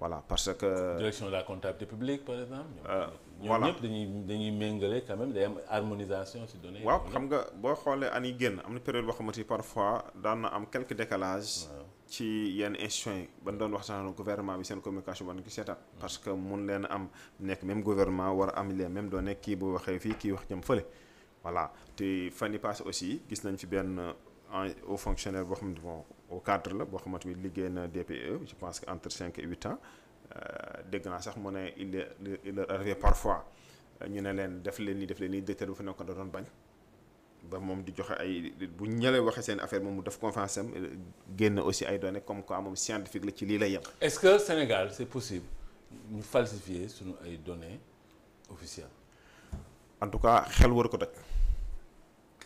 voilà parce que. direction de la comptabilité publique par exemple. Euh, voilà ñoom ñëpp dañuy dañuy méngale quand même day am harmonisation données waaw xam nga boo xoolee ani génn am période boo xamante ni parfois daan na am quelques décalages. ci yenn institutions yi ban doon waxtaan gouvernement bi une communication ban ko seetaat. parce que mun leen am nekk même gouvernement war a am les mêmes données kii bu waxee fii kii wax jëm fële. voilà te fan yi passe aussi gis nañ fi benn euh, au fonctionnaire boo xam ne bon au cadre la bo xamante ni na DPE je pense que entre 5 et 8 ans euh, dégg naa sax mu ne il il leur parfois ñu ne leen def leen nii def leen nii directeur bu fi nekkoon da doon bañ ba mom di joxe ay bu ñëlee waxee sen affaire mom mu def confiance am génn aussi ay données comme quoi mom scientifique la ci li lay yem. est-ce que Sénégal c'est possible ñu falsifier sunu ay données officielles. en tout cas xel war ko daj.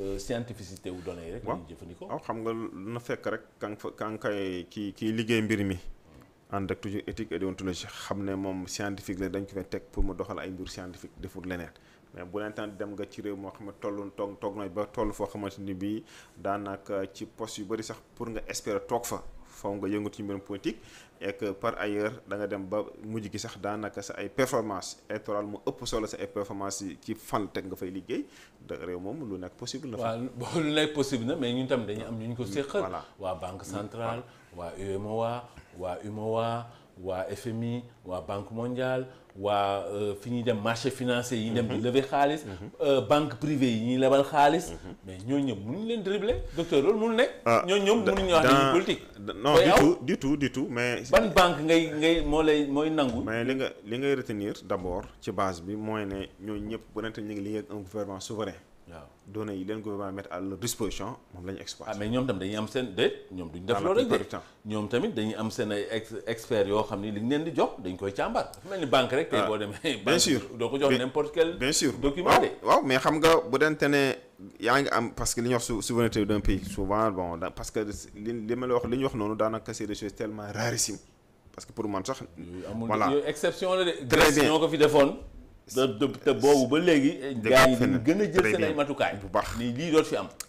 Euh, scientificité ou données yi rek. waaw jëfandikoo waaw xam nga na fekk rek ka kay ki ki liggéey mbir mi. ànd ak toujours éthique et déontologie xamné mom scientifique la dañ ko fay tek pour mu doxal ay mbir scientifique deful leneen. mais bu leen dem nga ci réew mo xam ne tollu toog toog nañ ba tollu fo xamanteni bi bii daanaka ci poste yu bari sax pour nga espérer tok fa. faw nga yëngatu ci mbirum politique et que par ailleurs da nga dem ba mujj gi sax daanaka sa ay performance électorale mu ëpp solo sa ay performance yi ci fan teg nga fay liggéey réew moom lu nekk possible na waaw bo lu nekk possible na mais ñun tam dañu am ñu ñu ko mm, séqal waa banque centrale waa UEMOA waa UMOA waa FMI waa banque mondiale wa euh, fi ñuy dem marché financier yi dem di mhm. lever xaalis mhm. euh, banque privée yi ñuy lebal xaalis mhm. mais ñooñu ñëpp mënuñu leen dribler docteur loolu mënu ñoo ah, ñooñu ñoom ñu wax dañuy politique non du tout du tout du tout mais ban banque ngay ngay moo lay moy nangu mais li nga li ngay retenir d'abord ci base bi moy ne ñoo ñëpp bu nente ñu ngi li ak un gouvernement souverain waaw données yi leen gouvernement mettre à leur disposition moom la ñu exploité. ah mais ñoom tam dañuy am seen déet ñoom duñ def loolu rek de ñoom tamit dañuy am seen ay ex experts yoo xam ni li ñu leen di jox dañ koy càmbar. dafa mel ni banque rek tey ah, boo demee. bien sûr doo ko jox n'importe quel. bien sûr document de. waaw mais xam nga bu dente ne yaa ngi am parce que li ñuy wax souveraineté d'un pays souvent bon parce que li li ma wax li ñu wax noonu daanaka c'est des choses tellement rarissimes parce que pour man sax. voilà exception la de. très bien ñoo ko fi defoon. te boobu ba léegi. gars yi ñu gën a jël seen ay matukaay bu baax ni lii doot fi am.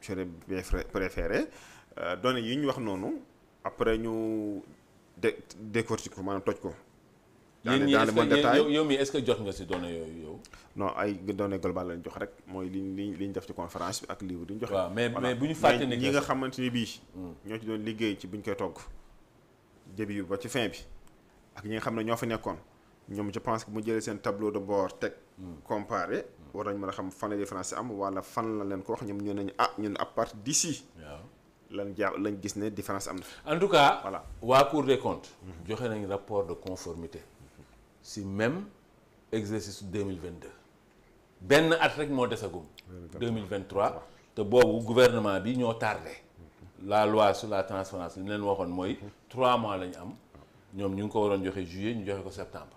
j'aurais bien préféré euh, données yi ñu wax noonu après ñu dé décortiquer ko maanaam toj ko. dans les dans le bon détail yow mii est-ce que jox nga si données yooyu yow. no ay données globales lañ jox rek mooy li li ñu def ci conférence bi ak livre duñ joxe. waaw mais mais bu ñu fàtte ne ñi nga xamante ni bii. Hmm. ñoo ci doon liggéey ci buñ koy togg. début bi ba ci fin bi ak ñi nga xam ne ñoo fa nekkoon ñoom je pense mu jëlee seen tableau de bord teg. Hmm. comparé. war nañ mën a xam fan la français am wala fan la leen ko wax ñoom ñu nañ ah ñun à partir d'ici lan jaa lañ gis ne différence am na en tout cas voilà waa Cour des comptes joxe nañ rapport de conformité si même exercice 2022 benn at rek moo desagum 2023 te boobu gouvernement bi ñoo tardé la loi sur la transparence li leen waxoon mooy 3 mois lañ am ñoom ñu ngi ko waroon joxe juillet ñu joxe ko septembre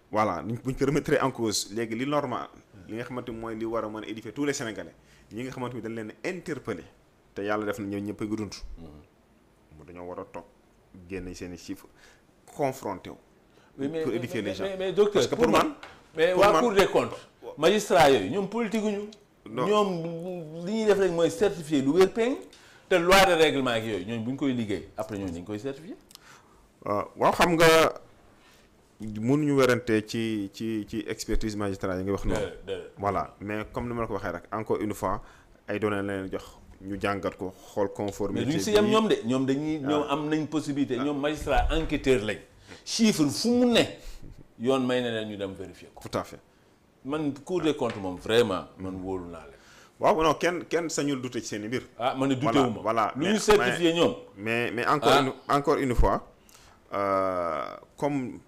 voilà buñ ko remettre en cause légui li normal li nga xamanteni moy li wara a édifier tous les sénégalais ñi nga xamanteni dañ leen interpeller te yalla def na ñoom ñëpp a dund. mu dañoo war a toog seen i chiffres confronté wu. pour édifier les gens mais mais docteur parce que pour man. mais waa cour des comptes. magistrat yoy ñom politique ñu. ñoom li ñi def rek moy certifier lu wér peñ. te loi de règlement ak yoy ñooñu buñ koy liggéey après ñooñu dañ koy certifier. Euh, waaw xam nga mënuñu werante ci ci ci expertise magistrat yi nga wax non voilà mais comme ni ma la ko waxee rek encore une fois ay données la jox ñu jàngat ko xool conformité. mais ñu si yem ñoom de ñoom dañuy ah. ñoom am nañ possibilité ah. ñoom magistrat enquêteur lañ. chiffre fu mu ne yoon may na leen ñu dem vérifier ko. tout à fait man Cour des comptes moom vraiment man wóolu naa leen. waaw non kenn kenn sañul doute ci seen i mbir. ah man de ma voilà lu ñu certifié ñoom. mais mais encore ah. une encore une fois euh, comme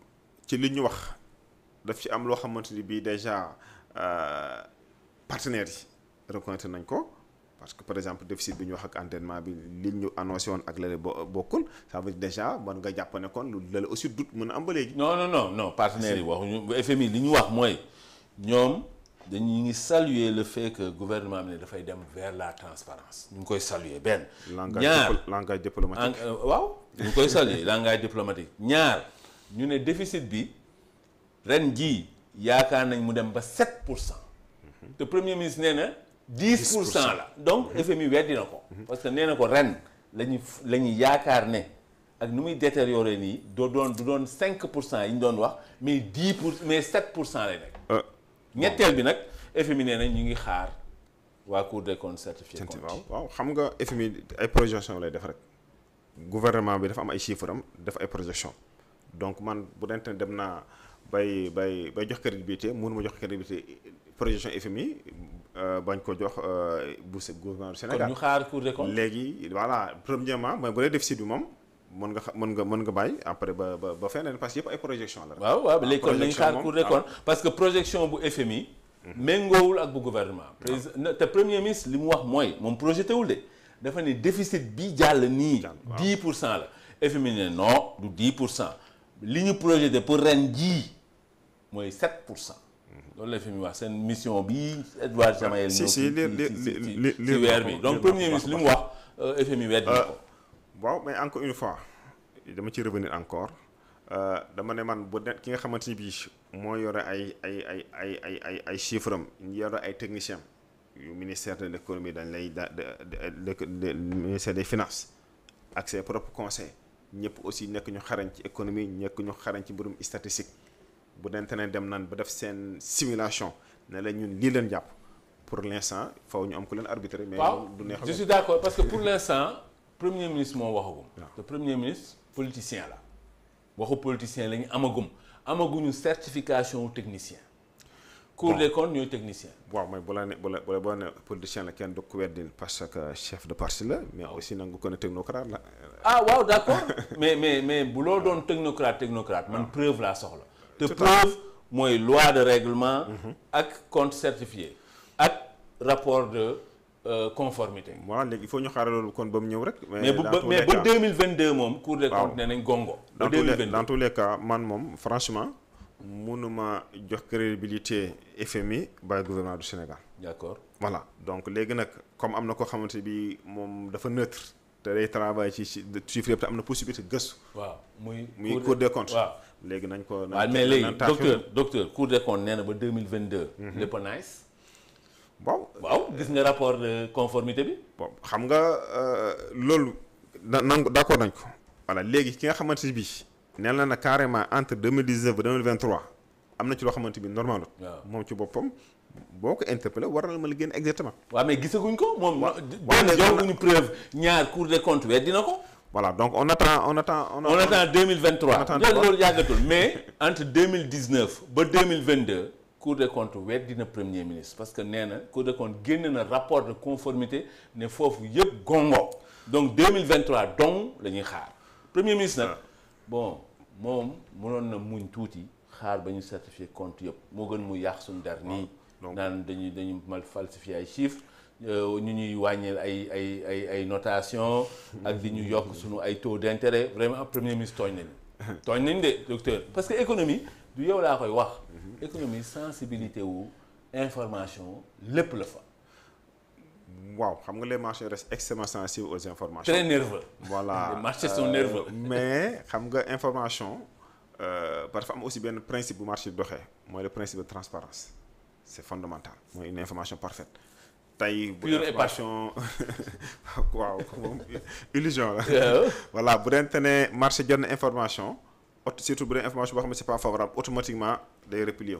ci li ñu wax daf ci am loo xamante ni bii déjà euh, partenaires yi reconnaître nañ ko parce que par exemple déficit bi ñu wax ak entraînement bi li ñu annoncé woon ak lële bokkul ça veut dire déjà mën nga jàpp ne kon lële aussi dut mën am ba léegi. non non non non partenaire yi waxuñu FMI li ñu wax mooy ñoom dañu ngi saluer le fait que gouvernement bi ne dafay dem vers la transparence ñu ngi koy saluer benn. ñaar langage diplomatique euh, waaw ñu ngi koy saluer langage diplomatique ñaar ñu ne déficit bi ren jii yaakaar nañ mu dem ba 7 pour cent te premier ministre néna na 10 pour cent la donc mhm. FMI weddi na ko mhm. parce que néna ko ren lañu lañu ñuy yaakaar ne ak nu muy détérioré nii doo doon du doon 5 pour yi ñu doon wax mais 10 mais 7 lay nek euh, ñettel ñetteel bi nak FMI néna ñu ngi xaar wa Cour des comptes certifié waaw waaw xam nga FMI ay projection lay def rek gouvernement bi dafa am ay chiffres am def ay projection donc man bu dente ne dem naa bay bay bay jox crédibilité mënu ma jox crédibilité projection FMI euh, bañ ko jox euh, bu gouvernement du Sénégal ñu xaar cour des comptes léegi voilà premièrement mais bu le déficit bi moom mën nga xa mën nga mën nga bay après ba ba ba feneen parce que yëpp ay projection la. waaw waaw léegi kon nañu xaar cour des comptes parce que projection bu FMI. mengowul ak bu gouvernement. président te premier ministre limu wax moy moom projeté wul de dafa ni déficit bi jall ni 10 la FMI ne non du 10 li projet projeté pour ren jii 7 C'est cent. la fi wax mission bi Edouard Samaël. si si donc premier ministre li mu wax FMI wedd bon mais encore une fois dama ci revenir encore euh, dama ne man bu ne ki nga xamante ni bii moo yore ay ay ay ay ay ay chiffres am ay techniciens yu ministère de l'économie, du dañ ministère des finances avec ses propres conseils ñëpp aussi nekk ñu xarañ ci économie nekk ñu xarañ ci mbirum statistique bu dente ne dem naan ba def seen simulation ne la ñun lii leen jàpp pour l' instant faw ñu am ko leen arbitrer. mais du neex je suis d' accord parce que pour l' instant premier ministre moo waxagum. te premier ministre politicien la waxu politicien la ñu amagum amaguñu certification technicien cours des comptes technicien waaw mais bu la ne bu la bu la ne politicien la kenn parce que chef de parti mais aussi n'angou ko technocrate là. ah waaw d'accord mais mais mais boulot loo technocrate technocrate man ah. preuve la soxla. te preuve moi, loi de règlement. Mhm. ak compte certifié. ak rapport de euh, conformité. voilà il faut ñu xaaral loolu kon ba mu rek. mais mais ba 2022 mon, cours des comptes nee gongo. 2022 dans tous les cas man mon, franchement mënuma jox crédibilité FMI bàyyi gouvernement du Sénégal. d'accord voilà donc léegi nag comme am na koo xamante bi moom dafa neutre. te day travail ci ci chiffre yëpp te am na possibilité gëstu. waaw muy muy cour des comptes. waaw léegi nañ ko nañ mais léegi docteur docteur cour des comptes nee na ba 2022. mille vingt mhm. lépp nice. bon waaw gis nga rapport de conformité bi. bon xam nga euh, loolu. na nangu d'accord nañ ko. voilà léegi ki nga xamante bi neel na carrément entre 2019 et 2023 amna ci lo xamanteni bi mom ci boppam boko interpeller waral ma la exactement wa mais gisaguñ ko mom benn joxaguñu preuve ñaar cour des comptes wé dina voilà donc on attend on attend on attend 2023 mais entre 2019 ba 2022 cour des comptes wé le premier ministre parce que nee cour des comptes génn na rapport de conformité né fofu yëpp gongo donc 2023 donc lañuy xaar premier ministre bon mom mënoon na muñ tuuti xaar bañu certifier compte yëpp mo gën mu yàq sun dernier nii dañu dañu mal falsifié ay chiffres euh, ñu ñuy wàññeel ay ay ay ay notation ak di ñu yokk sunu ay taux d'intérêt vraiment premier ministre tooñ nañu tooñ nañ de docteur parce que économie du yow laa koy wax mhm. économie sensibilité wu information lépp la fa xam les marchés restent extrêmement sensibles aux informations. très nerveux. voilà les marchés sont nerveux. Euh, mais xam nga information parfois euh, aussi aussi le principe du marché bi Moi, le principe de transparence C'est fondamental Moi, une information parfaite. Tay pure et information Wow, illusion voilà bu dente marché donne na information surtout bu information bo xam ne pas favorable automatiquement day replier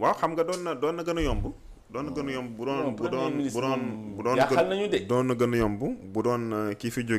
waaw xam nga doon na doon na gën a yomb. doon na gën yomb bu doon bu doon bu doon. bu doon gën doon na gën a yomb bu doon eh, kii fi jóge